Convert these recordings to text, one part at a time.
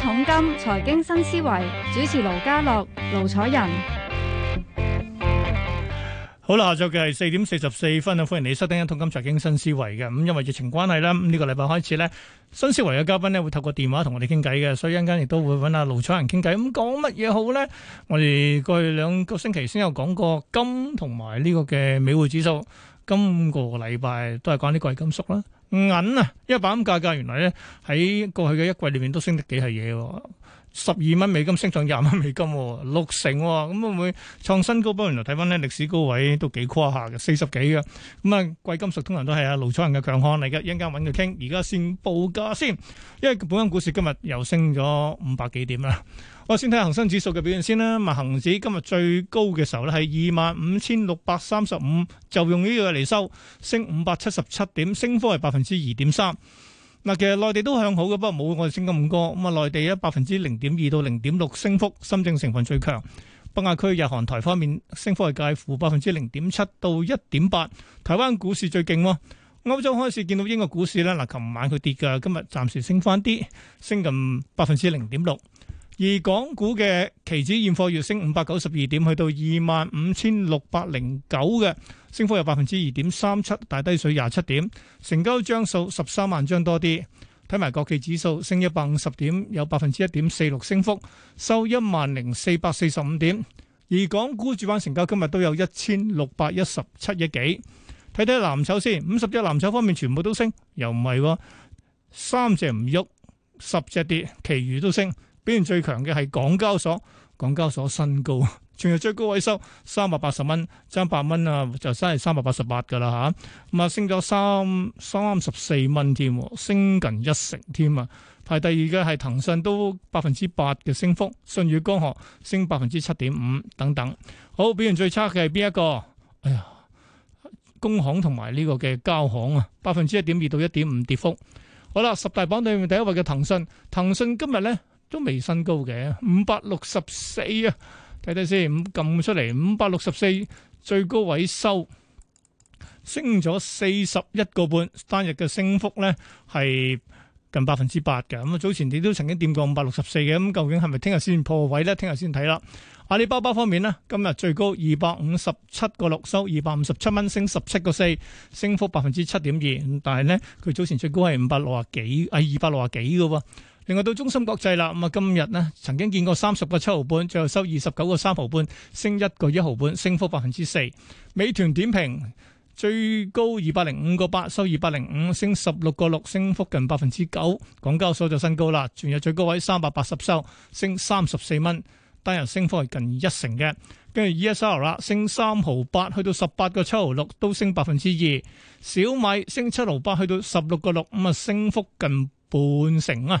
統金財經新思維主持盧家樂、盧楚仁，好啦，下晝嘅係四點四十四分啊！歡迎你收聽《統金財經新思維》嘅，咁，因為疫情關係咧，咁呢個禮拜開始咧，新思維嘅嘉賓咧會透過電話同我哋傾偈嘅，所以一陣間亦都會揾阿盧楚仁傾偈，咁講乜嘢好咧？我哋過去兩個星期先有講過金同埋呢個嘅美匯指數，今個禮拜都係講啲貴金屬啦。銀啊，因為白銀價格原來咧喺過去嘅一季裏面都升得幾係嘢、哦，十二蚊美金升上廿蚊美金、哦，六成咁、哦、會唔會創新高波。不過原來睇返咧歷史高位都幾誇下嘅，四十幾嘅。咁、嗯、啊，貴金屬通常都係啊盧楚仁嘅強項嚟嘅，一陣間揾佢傾。而家先報價先，因為本身股市今日又升咗五百幾點啦。我先睇下恒生指數嘅表現先啦。咪恒指今日最高嘅時候咧係二萬五千六百三十五，就用呢個嚟收，升五百七十七點，升幅係百分之二點三。嗱，其實內地都向好嘅，不過冇我哋升咁高。咁啊，內地咧百分之零點二到零點六升幅，深證成分最強。北亞區、日韓、台方面，升幅係介乎百分之零點七到一點八。台灣股市最勁。歐洲開始見到英國股市咧，嗱，琴晚佢跌㗎，今日暫時升翻啲，升近百分之零點六。而港股嘅期指現貨月升五百九十二點，去到二萬五千六百零九嘅升幅有百分之二點三七，大低水廿七點，成交張數十三萬張多啲。睇埋國企指數升一百五十點，有百分之一點四六升幅，收一萬零四百四十五點。而港股主板成交今日都有 1, 一千六百一十七億幾。睇睇藍籌先，五十隻藍籌方面全部都升，又唔係，啊，三隻唔喐，十隻跌，其餘都升。表現最強嘅係港交所，港交所新高，全日最高位收三百八十蚊，爭八蚊啊，就真係三百八十八噶啦吓，咁啊，升咗三三十四蚊添，升近一成添啊！排第二嘅係騰訊都，都百分之八嘅升幅，舜宇光學升百分之七點五等等。好，表現最差嘅係邊一個？哎呀，工行同埋呢個嘅交行啊，百分之一點二到一點五跌幅。好啦，十大榜裏面第一位嘅騰訊，騰訊今日咧。都未新高嘅，五百六十四啊，睇睇先，撳出嚟，五百六十四最高位收，升咗四十一個半，單日嘅升幅咧係近百分之八嘅。咁啊，早前你都曾經掂過五百六十四嘅，咁究竟係咪聽日先破位咧？聽日先睇啦。阿里巴巴方面呢，今日最高二百五十七個六，收二百五十七蚊，升十七個四，升幅百分之七點二。但係咧，佢早前最高係五百六啊幾，啊二百六啊幾嘅另外到中芯國際啦，咁啊，今日呢曾經見過三十個七毫半，最後收二十九個三毫半，升一個一毫半，升幅百分之四。美團點評最高二百零五個八，收二百零五，升十六個六，升幅近百分之九。港交所就新高啦，全日最高位三百八十收，升三十四蚊，單日升幅係近一成嘅。跟住 ESR 啦，升三毫八，去到十八個七毫六，都升百分之二。小米升七毫八，去到十六個六，咁啊，升幅近半成啊。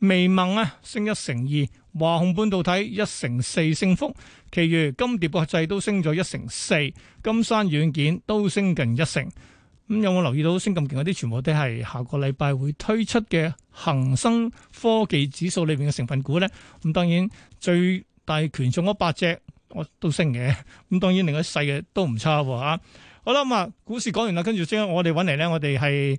微盟啊，升一成二；華虹半導體一成四升幅，其餘金蝶國際都升咗一成四，金山軟件都升近一成。咁、嗯、有冇留意到升咁勁嗰啲？全部都係下個禮拜會推出嘅恒生科技指數裏邊嘅成分股咧。咁、嗯、當然最大權重嗰八隻我都升嘅。咁、嗯、當然，另一世嘅都唔差喎、啊、好啦咁啊，股市講完啦，跟住我哋搵嚟咧，我哋係。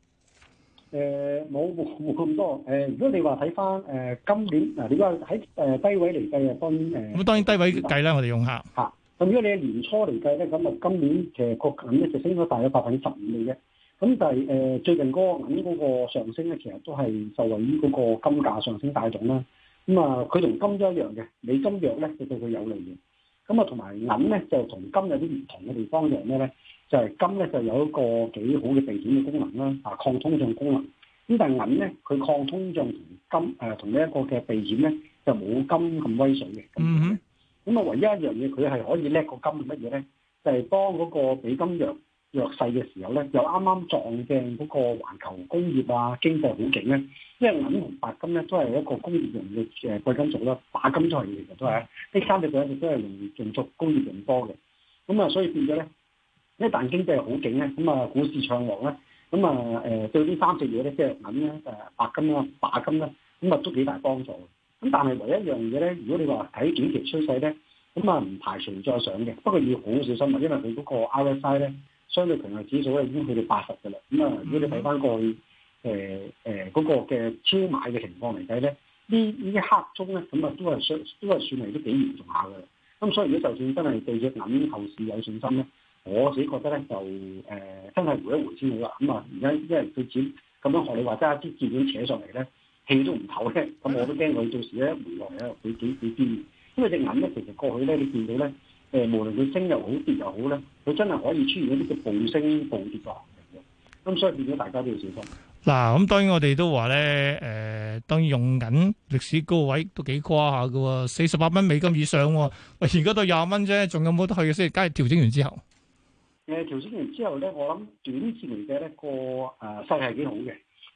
誒，冇冇咁多。誒、呃，如果你話睇翻誒今年，嗱、呃，你話喺誒低位嚟計啊，分誒，咁、呃、當然低位計啦，我哋用下。吓、啊，咁如果你係年初嚟計咧，咁啊今年其實個銀咧就升咗大約百分之十五嘅啫。咁但係誒、呃、最近嗰個銀嗰個上升咧，其實都係受惠於嗰個金價上升帶動啦。咁啊，佢同金一樣嘅，你金弱咧對佢有利嘅。咁啊，同埋銀咧就同金有啲唔同嘅地方一樣呢，係咩咧？就係金咧，就有一個幾好嘅避險嘅功能啦，啊，抗通脹功能。咁但係銀咧，佢抗通脹同金誒同呢一個嘅避險咧，就冇金咁威水嘅。嗯咁啊，唯一一樣嘢，佢係可以叻過金係乜嘢咧？就係、是、當嗰個比金弱弱勢嘅時候咧，又啱啱撞正嗰個環球工業啊經濟好勁咧。因為銀同白金咧都係一個工業用嘅誒、啊、貴金屬啦，白金就係其實都係，呢三隻嘢佢都係用用作工業用多嘅。咁啊，所以變咗咧。一但經濟好勁咧，咁啊股市暢旺咧，咁啊誒對呢三隻嘢咧，即係銀啦、誒白金啦、鈀金啦，咁啊都幾大幫助。咁但係唯一一樣嘢咧，如果你話睇短期趨勢咧，咁啊唔排除再上嘅，不過要好好小心，因為佢嗰個 RSI 咧，相對平臺指數咧已經去到八十嘅啦。咁啊如果你睇翻過去誒誒嗰個嘅超買嘅情況嚟睇咧，呢呢一刻中咧，咁啊都係都係算係都幾嚴重下嘅。咁所以如果就算真係對隻銀後市有信心咧，我自己覺得咧就誒、呃、真係回一回先好啦，咁啊而家因為佢剪，咁樣學你話齋一啲資料扯上嚟咧，氣都唔透咧，咁我都驚佢到時咧，回來咧佢幾幾顛。因為隻銀咧，其實過去咧，你見到咧，誒、呃、無論佢升又好跌又好咧，佢真係可以出現一啲嘅暴升暴跌嘅咁、嗯、所以見到大家都小心。嗱，咁當然我哋都話咧，誒、呃、當然用緊歷史高位都幾誇下㗎喎，四十八蚊美金以上喎，啊，都而家到廿蚊啫，仲有冇得去先？梗係調整完之後。誒調升完之後咧，我諗短期嚟計咧，個誒勢係幾好嘅。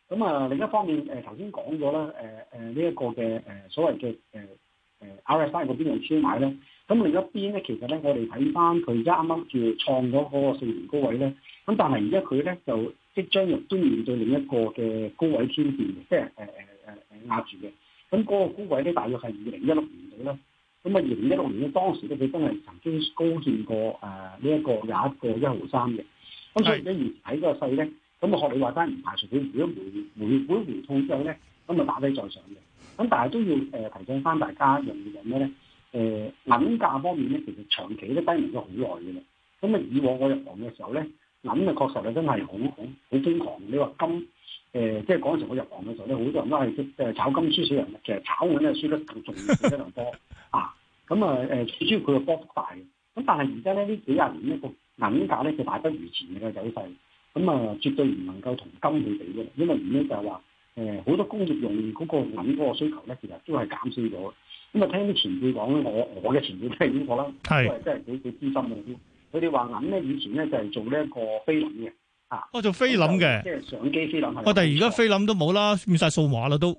咁啊另一方面，誒頭先講咗咧，誒誒呢一個嘅誒所謂嘅誒誒 RSI 嗰邊用超買咧。咁另一邊咧，其實咧我哋睇翻佢而家啱啱住創咗嗰個四年高位咧。咁但係而家佢咧就即將又都面對另一個嘅高位天線嘅，即係誒誒誒壓住嘅。咁、那、嗰個高位咧，大概係二零一六年度啦。咁啊，二零一六年嘅當時都幾真係曾經高見過誒呢一個廿一個一毫三嘅。咁所以咧，而喺呢個勢咧，咁我學你話齋，唔排除佢如果回回回回吐之後咧，咁啊打低再上嘅。咁但係都要誒提醒翻大家，重要係咩咧？誒、嗯、銀、嗯嗯、價方面咧，其實長期都低迷咗好耐嘅啦。咁啊，以往我入行嘅時候咧，銀啊確實啊真係好好好瘋狂。你話金誒，即係嗰陣時我入行嘅時候咧，好多人都係誒炒金輸少人，其實炒銀咧輸得仲多。 咁啊，誒主要佢個波幅大，咁但係而家咧呢幾廿年呢個銀價咧，就大不如前嘅走勢，咁啊絕對唔能夠同金去比嘅，因為點咧就係話誒好多工業用嗰個銀嗰個需求咧，其實都係減少咗。咁啊，聽啲前輩講咧，我我嘅前輩都係咁講啦，都係真係幾幾資深嘅。佢哋話銀咧以前咧就係做呢一個菲林嘅，啊，我做菲林嘅，即係、就是、相機菲林係。我但係而家菲林都冇啦，變晒數碼啦都。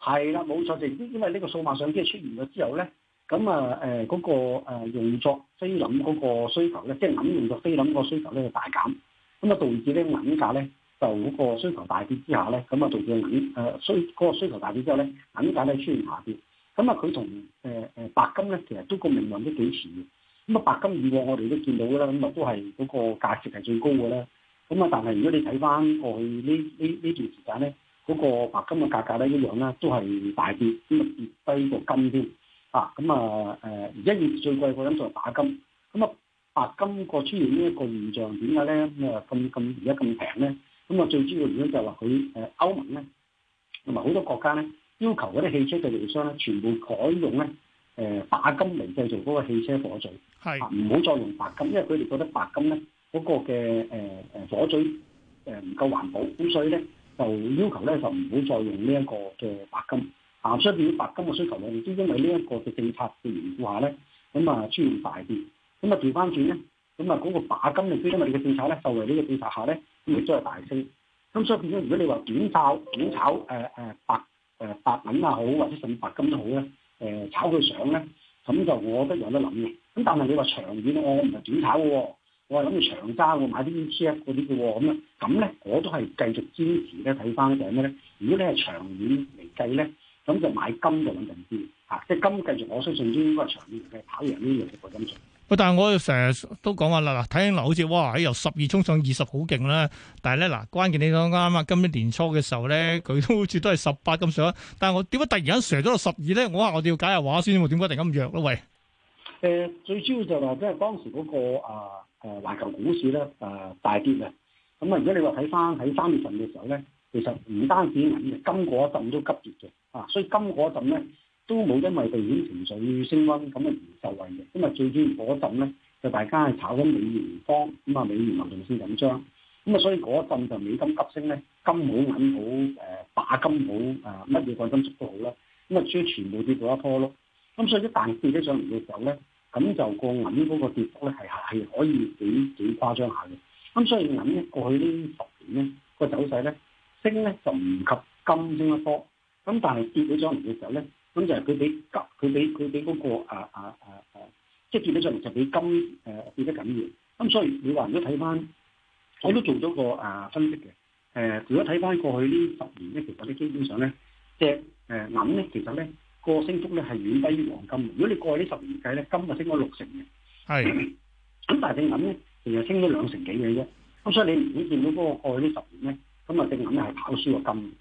係啦，冇錯就因因為呢個數碼相機出現咗之後咧。咁啊，嗰、嗰個用作菲林嗰個需求咧，即係銀用作菲林個需求咧，大減。咁啊，導致咧銀價咧就嗰個需求大跌之下咧，咁啊導致銀需嗰個需求大跌之後咧，銀價咧出現下跌。咁啊，佢同誒白金咧，其實都個命運都幾似，咁啊，白金以往我哋都見到㗎啦，咁啊都係嗰個價值係最高嘅啦。咁啊，但係如果你睇翻過去呢呢呢段時間咧，嗰、嗰個白金嘅價格咧一樣啦，都係大跌，咁跌低過金添。啊，咁啊，誒而家越最貴嗰種就係白金，咁啊白金個出現呢一個現象點解咧？咁啊咁咁而家咁平咧？咁啊最主要原因就係話佢誒歐盟咧同埋好多國家咧要求嗰啲汽車製造商咧全部改用咧誒、呃、白金嚟製造嗰個汽車火嘴，係唔好再用白金，因為佢哋覺得白金咧嗰、嗰個嘅誒誒火嘴誒唔夠環保，咁所以咧就要求咧就唔好再用呢一個嘅白金。鹹出面白金嘅需求量，只因為呢一個嘅政策嘅緣故下，咧，咁啊出現大跌，咁啊調翻轉咧，咁啊嗰個把金嚟，只因為你嘅政策咧，受惠呢個政策下咧，咁亦都係大升。咁所以變咗，如果你話短炒、短炒誒誒白誒、啊、白銀啊好，或者甚至白金都好咧，誒、啊、炒佢上咧，咁就我都有得諗嘅。咁但係你話長遠、啊啊，我唔係短炒喎，我係諗住長揸我買啲 ETF 嗰啲嘅喎，咁啊咁咧我都係繼續堅持咧睇翻就係咩咧？如果你係長遠嚟計咧。咁就買金就穩陣啲嚇，即、啊、係金繼續，我相信應該長遠係跑贏呢個個金場。喂，但係我成日都講話啦，嗱，睇緊嗱，好似哇，由十二衝上二十好勁啦。但係咧嗱，關鍵你講啱啊，今年年初嘅時候咧，佢都好似都係十八咁上。但係我點解突然間錫咗到十二咧？我話我哋要解下話先喎。點解突然咁弱咯？喂，誒，最主要就話即係當時嗰、那個誒誒、啊啊、環球股市咧誒、啊、大跌啊。咁啊，如果你話睇翻喺三月份嘅時候咧。其實唔單止銀嘅金嗰一陣都急跌咗，啊，所以金嗰陣咧都冇因為避險情緒升溫咁唔受惠嘅，咁啊最主要嗰陣咧就大家係炒緊美元方，咁啊美元流動性緊張，咁啊所以嗰一陣就美金急升咧，金冇銀好誒，打金好啊乜嘢貴金屬都好啦。咁啊終於全部跌到一樖咯，咁所以一旦跌得上嚟嘅時候咧，咁就個銀嗰個跌幅咧係係可以幾幾誇張下嘅，咁所以銀咧過去呢十年咧個走勢咧。升咧就唔及金升得多，咁但係跌到咗嚟嘅時候咧，咁就係佢比急，佢比佢比嗰、那個啊啊啊啊，即係跌到上嚟，就比金誒、啊、跌得緊要。咁所以你話如果睇翻，我都做咗個啊分析嘅誒、呃。如果睇翻過去呢十年咧，其實咧基本上咧，即係誒銀咧，其實咧個升幅咧係遠低於黃金。如果你過去呢十年計咧，金就升咗六成嘅，係是。咁但係你銀咧，其實升咗兩成幾嘅啫。咁所以你唔會見到嗰個過去呢十年咧。隻銀係跑輸個金。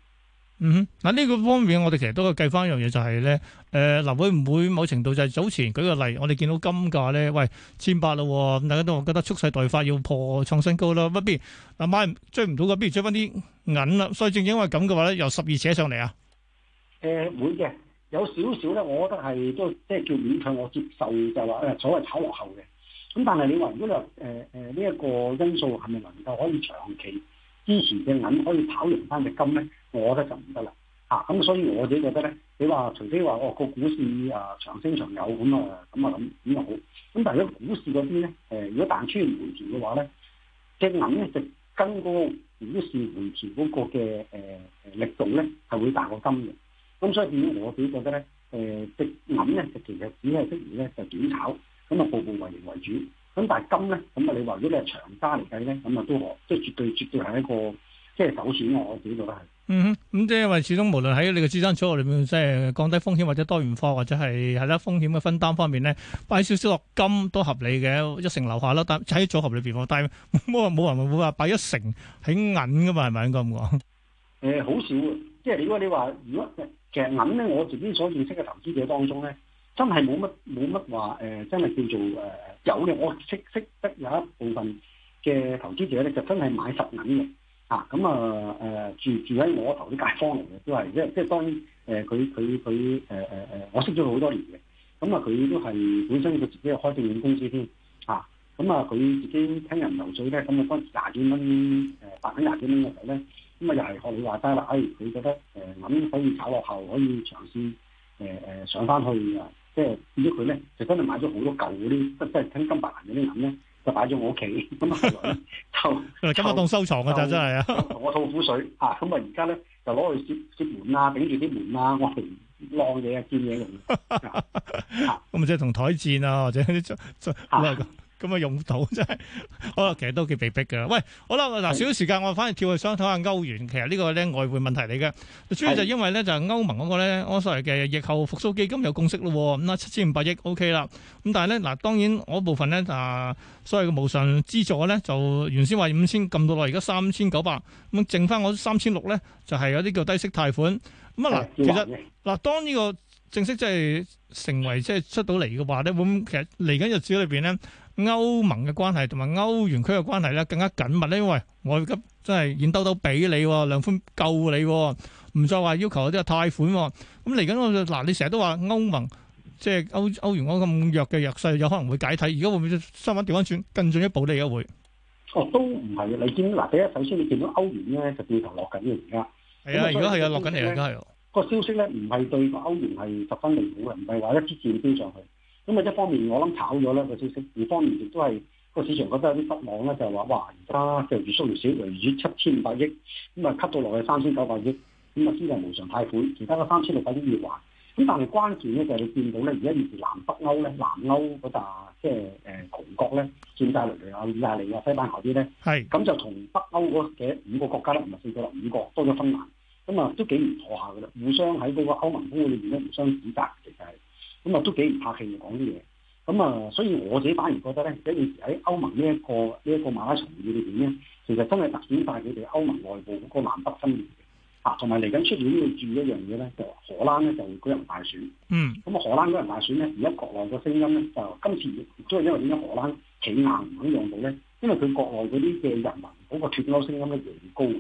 嗯哼，嗱呢個方面，我哋其實都係計翻一樣嘢、就是，就係咧，誒，樓會唔會某程度就係早前舉個例，我哋見到金價咧，喂，千八啦、哦，咁大家都覺得蓄勢待發，要破創新高啦。不如，嗱買追唔到嘅，不如追翻啲銀啦。所以正因為咁嘅話咧，由十二扯上嚟啊。誒、呃、會嘅，有少少咧，我覺得係都即係、就是、叫勉強我接受、就是，就話誒，所謂炒落後嘅。咁但係你話如果話誒誒呢一個因素係咪能夠可以長期？之前嘅銀可以跑贏翻隻金咧，我覺得就唔得啦。嚇、啊、咁，所以我自己覺得咧，你話除非話我個股市啊長升長有咁啊，咁啊諗咁又好。咁但係如果股市嗰邊咧，誒如果彈出回填嘅話咧，隻銀咧就跟個股市回填嗰個嘅誒誒力度咧係會大過金嘅。咁所以我自己覺得咧，誒、呃、隻銀咧就其實只係適宜咧就短炒，咁啊步步為營為主。咁但係金咧，咁啊你話如果你係長揸嚟計咧，咁啊都可，即係絕對絕對係一個即係首選嘅，我自己覺得係。嗯哼，咁即係因為，始終無論喺你嘅資產組合裏面，即係降低風險或者多元化或者係係啦風險嘅分擔方面咧，擺少少落金都合理嘅，一成留下咯，但係喺組合理別裏邊我但係冇冇人會話擺一成喺銀噶嘛？係咪應該咁講？誒、嗯，好少嘅，即係如果你話如果其實銀咧，我自己所認識嘅投資者當中咧。真係冇乜冇乜話誒真係叫做誒有嘅。我識識得有一部分嘅投資者咧，就真係買十銀嘅。啊，咁啊誒、啊、住住喺我頭啲街坊嚟嘅，都係即係即當然佢佢佢誒我識咗好多年嘅。咁啊，佢都係本身佢自己開保險公司添。啊，咁啊佢自己聽人流水咧，咁啊當時廿幾蚊誒百蚊廿幾蚊入頭咧，咁啊又係學你話齋啦。佢、哎、覺得誒諗可以炒落後，可以嘗試上翻去啊。即係點知佢咧就真係買咗好多舊嗰啲，真真係金金白銀嗰啲銀咧，就擺咗我屋企咁啊，就今日白當收藏㗎咋真係啊！同我吐苦水嚇，咁 啊而家咧就攞去接接門啊，頂住啲門啊，我嚟晾嘢啊，見嘢用咁咪即係同台戰啊，或者啲咁啊，用唔到真係哦，其實都幾被迫㗎。喂，好啦，嗱少少時間，我反而跳去想睇下歐元。其實呢個咧外匯問題嚟嘅，的主要就因為咧就係、是、歐盟嗰個咧歐洲嘅疫後復甦基金有共識咯。咁、嗯 okay 嗯、啦，七千五百億 O.K. 啦。咁但係咧嗱，當然我部分咧啊，所謂嘅無償資助咧就原先話五千，撳到落而家三千九百咁，剩翻我三千六咧就係、是、有啲叫低息貸款咁啊。嗱、嗯就是嗯，其實嗱，當呢個正式即係成為即係出到嚟嘅話咧，咁其實嚟緊日子裏邊咧。歐盟嘅關係同埋歐元區嘅關係咧更加緊密咧，因為我而家真係現兜兜俾你兩款救你，唔再話要求嗰啲貸款。咁嚟緊嗱，你成日都話歐盟即係歐歐元嗰咁弱嘅弱勢，有可能會解體。而家會唔會新聞調翻轉，更進一步補你嘅會？哦，都唔係。你見嗱，第一首先你見到歐元咧就變頭落緊嘅而家。係啊，如果係啊，落緊嚟而家係。個消息咧唔係對歐元係十分利好嘅，唔係話一支箭飈上去。咁啊一方面我諗炒咗咧個消息，另方面亦都係個市場覺得有啲失望咧，就係話哇而家就越縮越少，預少七千五百億，咁啊吸到落去三千九百億，咁啊先係無償貸款，其他嗰三千六百億要還。咁但係關鍵咧就係你見到咧，而家越南北歐咧，南歐嗰笪即係誒窮國咧，算爭嚟嚟啊，意大利啊、西班牙啲咧，係咁是就同北歐嘅五個國家咧，唔係四個啦，五個多咗芬蘭，咁啊都幾唔妥下噶啦，互相喺嗰個歐盟公會裏面咧互相指責，其實係。咁我都幾唔客氣講啲嘢。咁啊，所以我自己反而覺得咧，有陣時喺歐盟呢、這、一個呢一、這個馬拉松裏面咧，其實真係凸顯佢哋歐盟內部嗰個南北分裂嘅。嚇、啊，同埋嚟緊出年都要注意一樣嘢咧，就是、荷蘭咧就舉行人大選。嗯。咁啊，荷蘭舉行大選咧，而家國內嘅聲音咧就今次亦都係因為點解荷蘭企硬唔肯讓用度咧？因為佢國內嗰啲嘅人民嗰個脫歐聲音咧越嚟越高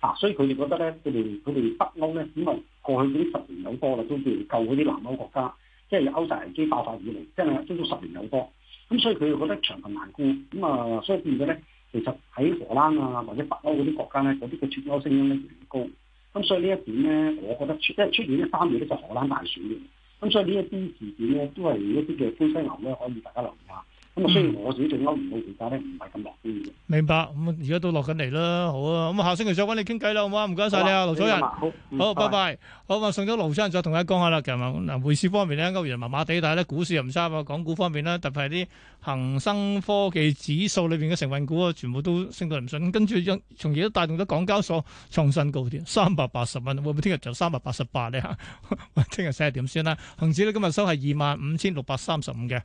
啊，所以佢哋覺得咧，佢哋佢哋北歐咧，因為過去已經十年有多啦，都叫做救嗰啲南歐國家。即係歐債危機爆發以嚟，即係足足十年有多，咁所以佢覺得長貧難顧，咁啊，所以變咗咧，其實喺荷蘭啊或者北歐嗰啲國家咧，嗰啲嘅脱歐聲音咧越嚟越高，咁所以呢一點咧，我覺得出即係出現呢三年咧就荷蘭大選嘅，咁所以呢一啲事件咧都係一啲嘅東西，南咧可以大家留意一下。咁啊，雖然我市整歐元嘅咧唔係咁落，嗯，明白。咁而家都落緊嚟啦，好啊。咁啊，下星期再揾你傾偈啦，好嘛？唔該晒你啊，盧楚仁。好，好，拜拜。好啊拜，送咗盧楚仁再同佢講下啦。其實嗱，匯市方面咧，歐元麻麻地，但係咧，股市又唔差啊。港股方面咧，特別係啲恒生科技指數裏邊嘅成分股啊，全部都升到唔順，跟住將，從而都帶動咗港交所創新高添，三百八十蚊。會唔會聽日就三百八十八咧？聽日寫點先啦？恒指咧今日收係二萬五千六百三十五嘅。